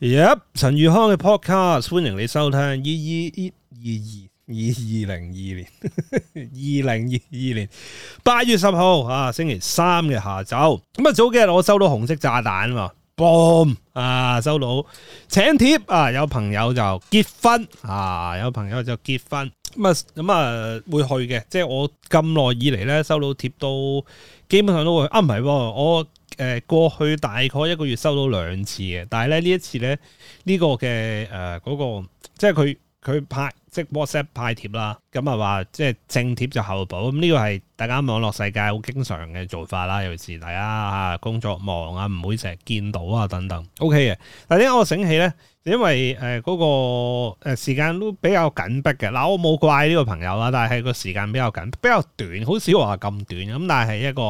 Yep, 陳宇康嘅 podcast，歡迎你收聽二二二二二二零二年二零二二年八月十號啊星期三嘅下晝。咁啊早幾日我收到紅色炸彈啊 boom 啊收到請帖啊有朋友就結婚啊有朋友就結婚。啊有朋友就結婚咁啊咁啊會去嘅，即係我咁耐以嚟咧收到貼都基本上都會啊。唔係喎，我誒、呃、過去大概一個月收到兩次嘅，但係咧呢一次咧呢、這個嘅誒嗰個即係佢。佢派即係 WhatsApp 派帖啦，咁啊話即係正帖就後補，咁呢個係大家網絡世界好經常嘅做法啦。尤其是大家吓工作忙啊，唔會成日見到啊等等，OK 嘅。但係點解我醒起咧，因為誒嗰、呃那個誒時間都比較緊迫嘅。嗱，我冇怪呢個朋友啦，但係個時間比較緊，比較短，好少話咁短。咁但係一個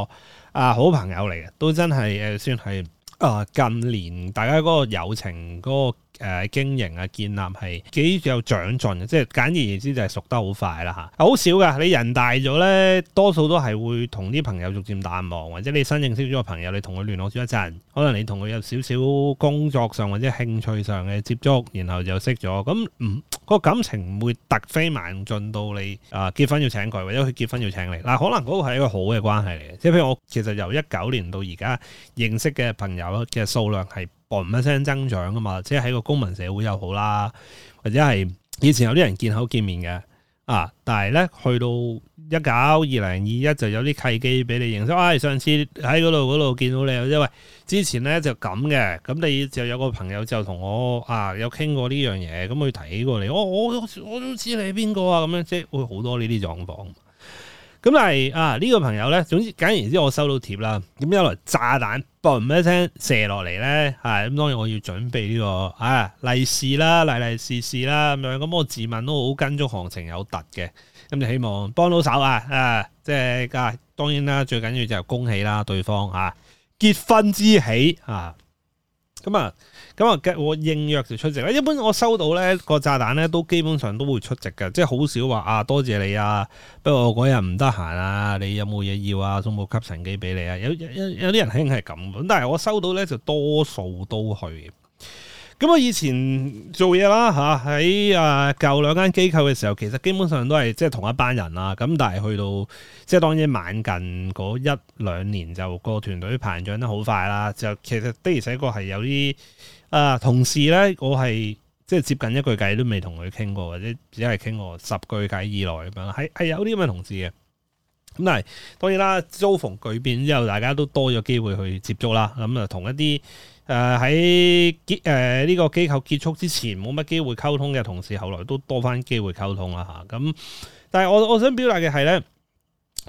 啊、呃、好朋友嚟嘅，都真係誒、呃、算係啊、呃、近年大家嗰個友情嗰、那個。誒，經營啊，建立係幾有長進嘅，即係簡而言之就係熟得好快啦吓，好少㗎。你人大咗呢，多數都係會同啲朋友逐漸淡忘，或者你新認識咗個朋友，你同佢聯絡咗一陣，可能你同佢有少少工作上或者興趣上嘅接觸，然後就識咗，咁唔、嗯嗰個感情唔會突飛猛進到你啊、呃、結婚要請佢，或者佢結婚要請你。嗱、呃，可能嗰個係一個好嘅關係嚟嘅，即係譬如我其實由一九年到而家認識嘅朋友，嘅數量係唔一聲增長㗎嘛，即係喺個公民社會又好啦，或者係以前有啲人見口見面嘅啊，但係咧去到一九二零二一就有啲契機俾你認識，哇！上次喺嗰度嗰度見到你，因為之前咧就咁嘅，咁你就有個朋友就同我啊有傾過呢樣嘢，咁佢睇過你，我我我都知你係邊個啊，咁樣即係會好多呢啲狀況。咁係啊呢、這個朋友咧，總之簡而言之，我收到帖啦，咁、嗯、一來炸彈嘣一聲射落嚟咧，係、啊、咁當然我要準備呢、這個啊利是啦，利利是是啦咁樣，咁我自問都好跟足行情有突嘅，咁、嗯、就希望幫到手啊啊，啊！即係啊，當然啦，最緊要就恭喜啦，對方啊結婚之喜啊！咁啊，咁啊、嗯嗯，我應約就出席啦。一般我收到咧個炸彈咧，都基本上都會出席嘅，即係好少話啊，多謝你啊。不過嗰日唔得閒啊，你有冇嘢要啊？有冇吸塵機俾你啊？有有啲人肯定係咁，但係我收到咧就多數都去嘅。咁我以前做嘢啦嚇，喺啊舊兩間機構嘅時候，其實基本上都係即係同一班人啦。咁但係去到即係當年晚近嗰一兩年就，就、個團隊膨脹得好快啦。就其實的而且確係有啲啊、呃、同事咧，我係即係接近一句偈都未同佢傾過，或者只係傾過十句偈以內咁樣。係係有啲咁嘅同事嘅。咁但係當然啦，遭逢巨變之後，大家都多咗機會去接觸啦。咁、嗯、啊同一啲。誒喺結、誒呢個機構結束之前冇乜機會溝通嘅同事，後來都多翻機會溝通啦嚇。咁、嗯，但係我我，想表達嘅係咧，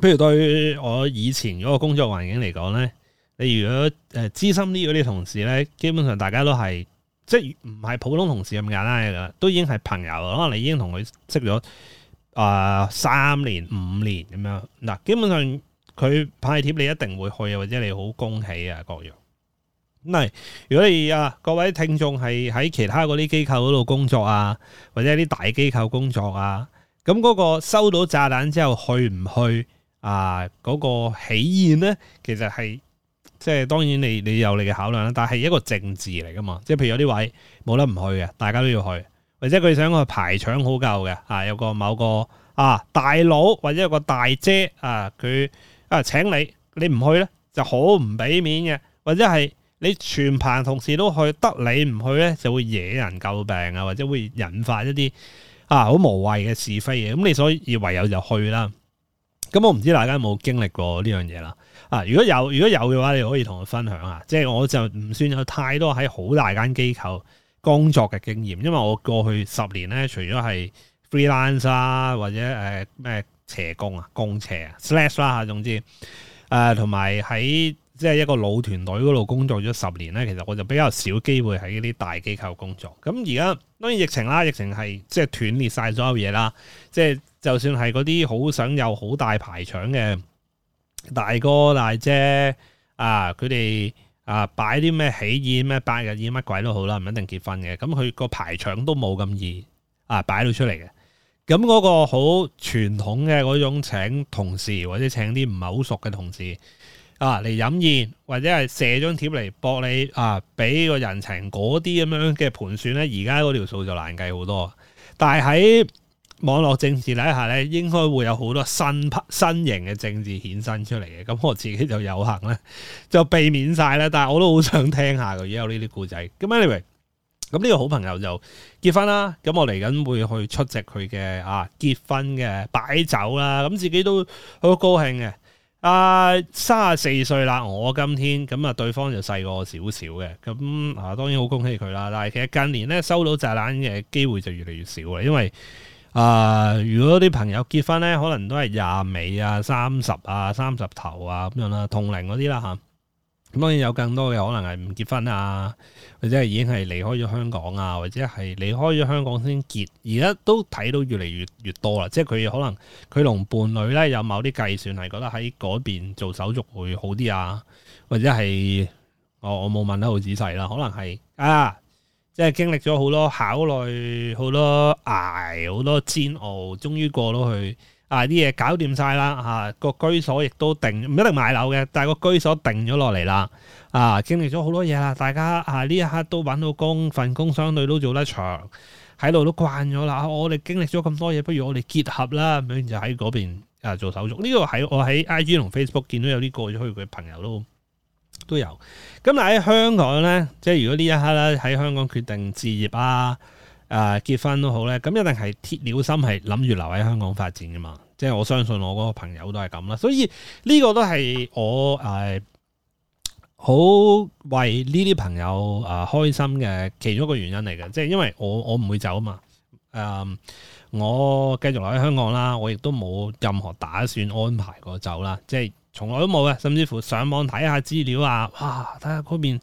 譬如對我以前嗰個工作環境嚟講咧，你如果誒資深啲嗰啲同事咧，基本上大家都係即係唔係普通同事咁簡單嘅啦，都已經係朋友，可能你已經同佢識咗誒三年五年咁樣。嗱，基本上佢派帖你一定會去，或者你好恭喜啊各樣。唔係，如果你啊各位聽眾係喺其他嗰啲機構嗰度工作啊，或者啲大機構工作啊，咁嗰個收到炸彈之後去唔去啊？嗰個喜宴咧，其實係即係當然你你有你嘅考量啦，但係一個政治嚟噶嘛，即係譬如有啲位冇得唔去嘅，大家都要去，或者佢想去排場好夠嘅啊，有個某個啊大佬或者有個大姐啊，佢啊請你，你唔去咧就好唔俾面嘅，或者係。你全棚同事都去，得你唔去咧，就會惹人詬病啊，或者會引發一啲啊好無謂嘅是非嘢。咁、嗯、你所以唯有就去啦。咁、嗯、我唔知大家有冇經歷過呢樣嘢啦。啊，如果有如果有嘅話，你可以同我分享啊。即、就、係、是、我就唔算有太多喺好大間機構工作嘅經驗，因為我過去十年咧，除咗係 freelance 啊，或者誒咩斜工啊，公斜、啊、slash 啦、啊、吓，總之誒同埋喺。呃即係一個老團隊嗰度工作咗十年呢，其實我就比較少機會喺呢啲大機構工作。咁而家當然疫情啦，疫情係即係斷裂晒所有嘢啦。即係就算係嗰啲好想有好大排場嘅大哥大姐啊，佢哋啊擺啲咩喜宴咩拜日宴乜鬼都好啦，唔一定結婚嘅。咁佢個排場都冇咁易啊擺到出嚟嘅。咁嗰個好傳統嘅嗰種請同事或者請啲唔係好熟嘅同事。啊！嚟飲宴或者係寫張貼嚟博你啊，俾個人情嗰啲咁樣嘅盤算咧，而家嗰條數就難計好多。但係喺網絡政治底下咧，應該會有好多新新型嘅政治衍生出嚟嘅。咁我自己就有幸咧，就避免晒咧。但係我都好想聽下嘅，如果有呢啲故仔。咁 anyway，咁呢個好朋友就結婚啦。咁我嚟緊會去出席佢嘅啊結婚嘅擺酒啦。咁自己都好高興嘅。啊，三十四歲啦！我今天咁啊，對方就細過我少少嘅，咁啊，當然好恭喜佢啦。但係其實近年咧，收到炸彈嘅機會就越嚟越少啦，因為啊，如果啲朋友結婚咧，可能都係廿尾啊、三十啊、三十頭啊咁樣啦，同齡嗰啲啦吓。咁當然有更多嘅可能係唔結婚啊，或者係已經係離開咗香港啊，或者係離開咗香港先結。而家都睇到越嚟越越多啦，即係佢可能佢同伴侶咧有某啲計算係覺得喺嗰邊做手續會好啲啊，或者係我我冇問得好仔細啦，可能係啊，即係經歷咗好多考慮、好多捱、好多煎熬，終於過到去。啊！啲嘢搞掂晒啦，啊個居所亦都定，唔一定買樓嘅，但係個居所定咗落嚟啦。啊，經歷咗好多嘢啦，大家啊呢一刻都揾到工，份工相對都做得長，喺度都慣咗啦。我哋經歷咗咁多嘢，不如我哋結合啦，咁就喺嗰邊啊做手續。呢、這個喺我喺 IG 同 Facebook 見到有啲過咗去嘅朋友都有都有。咁但喺香港咧，即係如果呢一刻咧喺香港決定置業啊。誒、啊、結婚都好咧，咁一定係鐵了心係諗住留喺香港發展噶嘛？即係我相信我嗰個朋友都係咁啦，所以呢、這個都係我誒好、呃、為呢啲朋友誒、呃、開心嘅其中一個原因嚟嘅。即係因為我我唔會走啊嘛，誒、呃、我繼續留喺香港啦，我亦都冇任何打算安排過走啦，即係從來都冇嘅。甚至乎上網睇下資料啊，哇！睇下嗰邊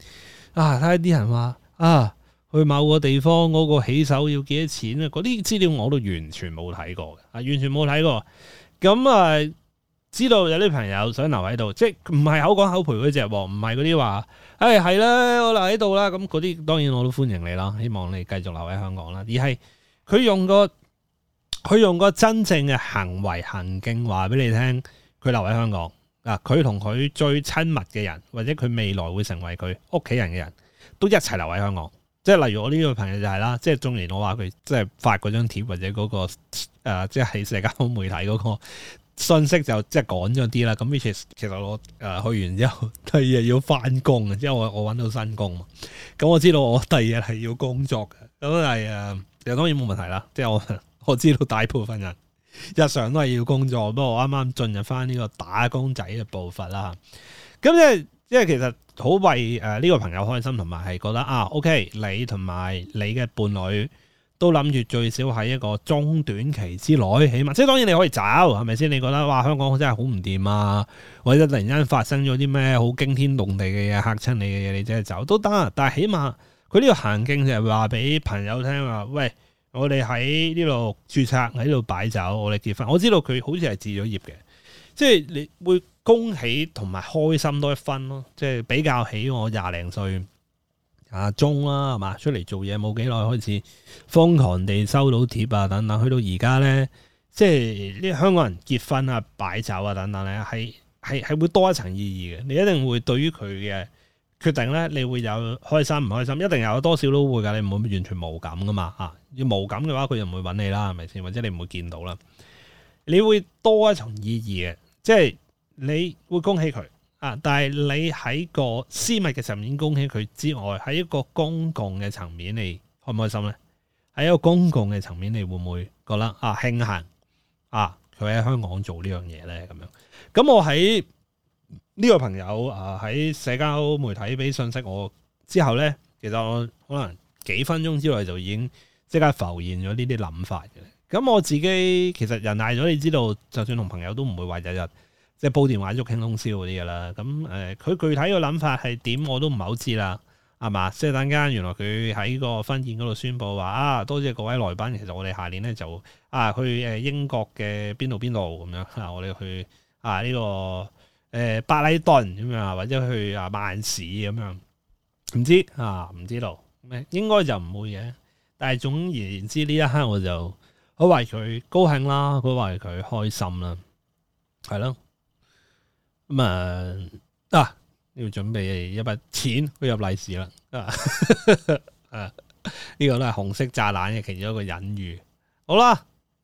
啊，睇下啲人話啊～看看去某個地方嗰、嗰個起手要幾多錢啊？嗰啲資料我都完全冇睇過嘅，啊，完全冇睇過。咁、嗯、啊，知道有啲朋友想留喺度，即係唔係口講口賠嗰隻，唔係嗰啲話，哎係啦，我留喺度啦。咁嗰啲當然我都歡迎你啦，希望你繼續留喺香港啦。而係佢用個佢用個真正嘅行為行徑話俾你聽，佢留喺香港嗱，佢同佢最親密嘅人，或者佢未來會成為佢屋企人嘅人都一齊留喺香港。即係例如我呢個朋友就係啦即係縱然我話佢即係發嗰張帖或者嗰個誒，即係喺社交媒體嗰個信息就即係趕咗啲啦。咁其實，其實我誒、呃，去完之後，第二日要翻工啊，因為我我揾到新工。咁我知道我第二日係要工作嘅，咁係誒，又當然冇問題啦。即係我我知道大部分人日常都係要工作，不過我啱啱進入翻呢個打工仔嘅步伐啦。咁即係。即係其實好為誒呢個朋友開心，同埋係覺得啊，OK，你同埋你嘅伴侶都諗住最少喺一個中短期之內，起碼即係當然你可以走，係咪先？你覺得哇，香港真係好唔掂啊！或者突然間發生咗啲咩好驚天動地嘅嘢吓親你嘅嘢，你真係走都得。但係起碼佢呢個行徑就係話俾朋友聽話，喂，我哋喺呢度註冊喺呢度擺酒，我哋結婚。我知道佢好似係置咗業嘅。即係你會恭喜同埋開心多一分咯，即係比較起我廿零歲阿鐘啦，係嘛，出嚟做嘢冇幾耐，開始瘋狂地收到貼啊等等，去到而家咧，即係啲香港人結婚啊、擺酒啊等等咧，係係係會多一層意義嘅。你一定會對於佢嘅決定咧，你會有開心唔開心，一定有多少都會噶，你唔會完全冇感噶嘛。吓要冇感嘅話，佢就唔會揾你啦，係咪先？或者你唔會見到啦，你會多一層意義嘅。即係你會恭喜佢啊，但係你喺個私密嘅層面恭喜佢之外，喺一個公共嘅層面，你開唔開心呢？喺一個公共嘅層面你會唔會覺得啊慶幸啊佢喺香港做呢樣嘢呢？咁樣咁我喺呢個朋友啊喺社交媒體俾信息我之後呢，其實我可能幾分鐘之內就已經即刻浮現咗呢啲諗法嘅。咁我自己其實人大咗，你知道，就算同朋友都唔會話日日即係煲電話喺度傾通宵嗰啲噶啦。咁、嗯、誒，佢、呃、具體個諗法係點我都唔係好知啦，係嘛？即係等間原來佢喺個婚宴嗰度宣佈話啊，多謝各位來賓。其實我哋下年咧就啊去誒英國嘅邊度邊度咁樣啊，我哋去啊呢、呢個誒白禮頓咁樣，或者去啊曼市咁樣，唔知啊唔知道咩、啊、應該就唔會嘅。但係總而言之呢一刻我就。好為佢高興啦，我為佢開心啦，係咯，咁、嗯、啊，嗱，要準備一筆錢去入利是啦，啊，呢、 啊這個都係紅色炸彈嘅其中一個隱喻。好啦，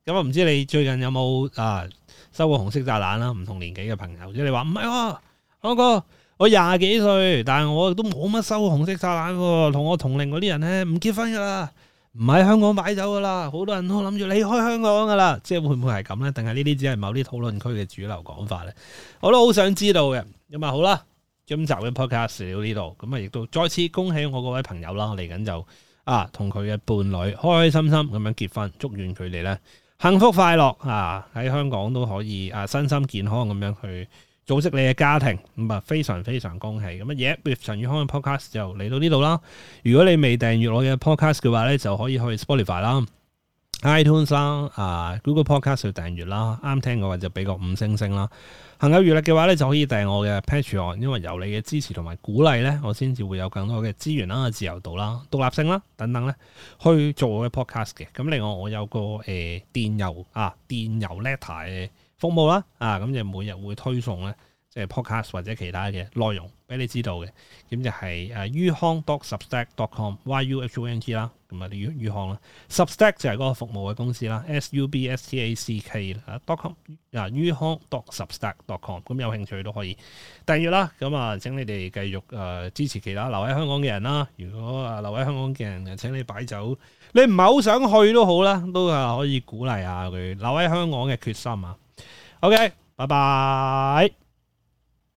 咁、嗯、啊，唔知你最近有冇啊收過紅色炸彈啦？唔同年紀嘅朋友，即係你話唔係，我個我廿幾歲，但係我都冇乜收紅色炸彈，同我同齡嗰啲人咧唔結婚噶啦。唔喺香港擺酒噶啦，好多人都諗住離開香港噶啦，即係會唔會係咁呢？定係呢啲只係某啲討論區嘅主流講法呢？我都好想知道嘅。咁啊好啦，今集嘅 podcast 到呢度，咁啊亦都再次恭喜我嗰位朋友啦！我嚟緊就啊同佢嘅伴侶開開心心咁樣結婚，祝願佢哋呢幸福快樂啊！喺香港都可以啊身心健康咁樣去。組織你嘅家庭，咁啊非常非常恭喜咁乜嘢？陳、yeah, 宇康嘅 podcast 就嚟到呢度啦。如果你未訂閱我嘅 podcast 嘅話咧，就可以去 Spotify 啦、h iTunes 啦啊 Google Podcast 要訂閱啦。啱聽嘅話就俾個五星星啦。行有餘力嘅話咧，就可以訂閱我嘅 Patreon，因為由你嘅支持同埋鼓勵咧，我先至會有更多嘅資源啦、自由度啦、獨立性啦等等咧，去做我嘅 podcast 嘅。咁另外我有個誒、呃、電郵啊電郵 letter。服務啦，啊咁就每日會推送咧，即係 podcast 或者其他嘅內容俾你知道嘅，咁就係誒於康 dot substack.com u b s y u h o n g 啦，咁、uh、啊於於康啦，substack u b s 就係嗰個服務嘅公司啦，s u b s t a c k 啊 dot，嗱於康 dot substack.com，u b s 咁有興趣都可以訂閲啦，咁啊請你哋繼續誒、呃、支持其他留喺香港嘅人啦，如果啊留喺香港嘅人，請你擺酒，你唔係好想去都好啦，都啊可以鼓勵下佢留喺香港嘅決心啊！OK，拜拜。